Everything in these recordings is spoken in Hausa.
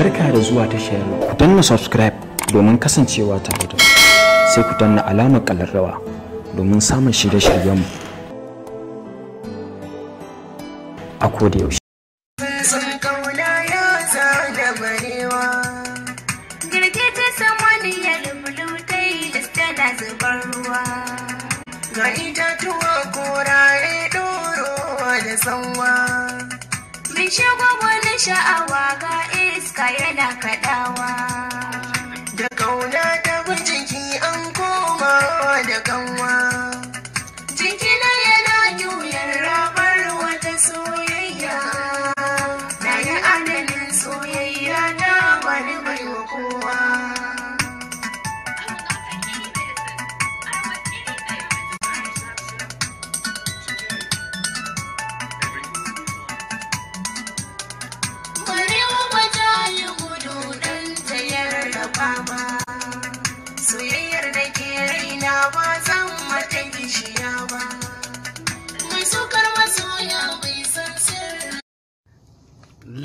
barka da zuwa ta shayarwa, ku danna subscribe domin kasancewa ta da sai ku danna alamar kallarrawa domin samun shirye-shiryenmu a kodayaushe Ga itatuwa koraye ɗorowa da sha'awa ga yana kaɗawa. Da ƙauna da mijinki an koma da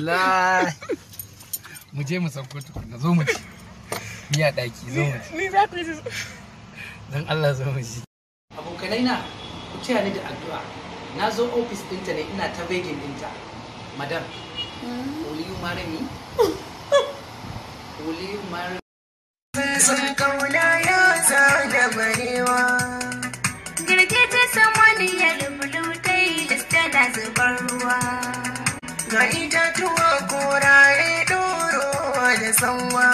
wallahi mu je mu sauko zo mu ci miya daki zo mu ci ni za ku dan Allah zo mu ci abokanai na ku ce ni da addu'a na zo ofis ɗinta ne ina ta begin ɗinta madam will you marry me sanwa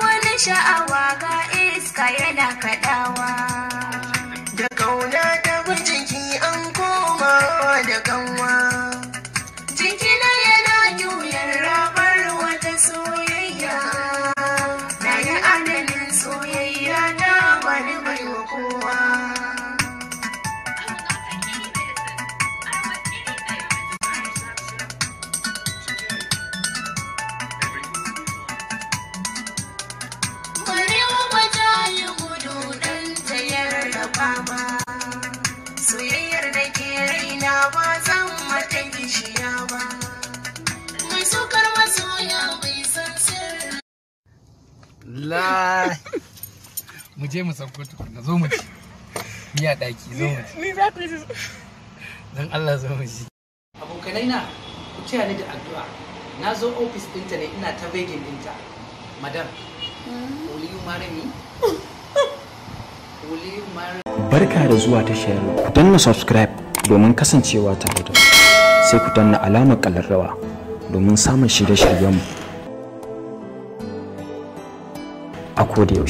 mai na sha'awa ga iska yana kaɗawa da kauna ta mijinki an koma da kanwa kama soyayyar da ke raina ba zan mata gishiya ba mai sukar masoya bai san la mu je mu sauko tukuna zo mu ci daki zo mu ci ni za ku yi Allah zo mu ci abokanai na ku ni da addu'a na zo ofis ɗinta ne ina ta begin ɗinta madam mm. will you Barka da zuwa ta shayarwa. Ku danna subscribe domin kasancewa ta da sai ku danna alamar kallarrawa domin samun shirye-shiryenmu. A koda yaushe.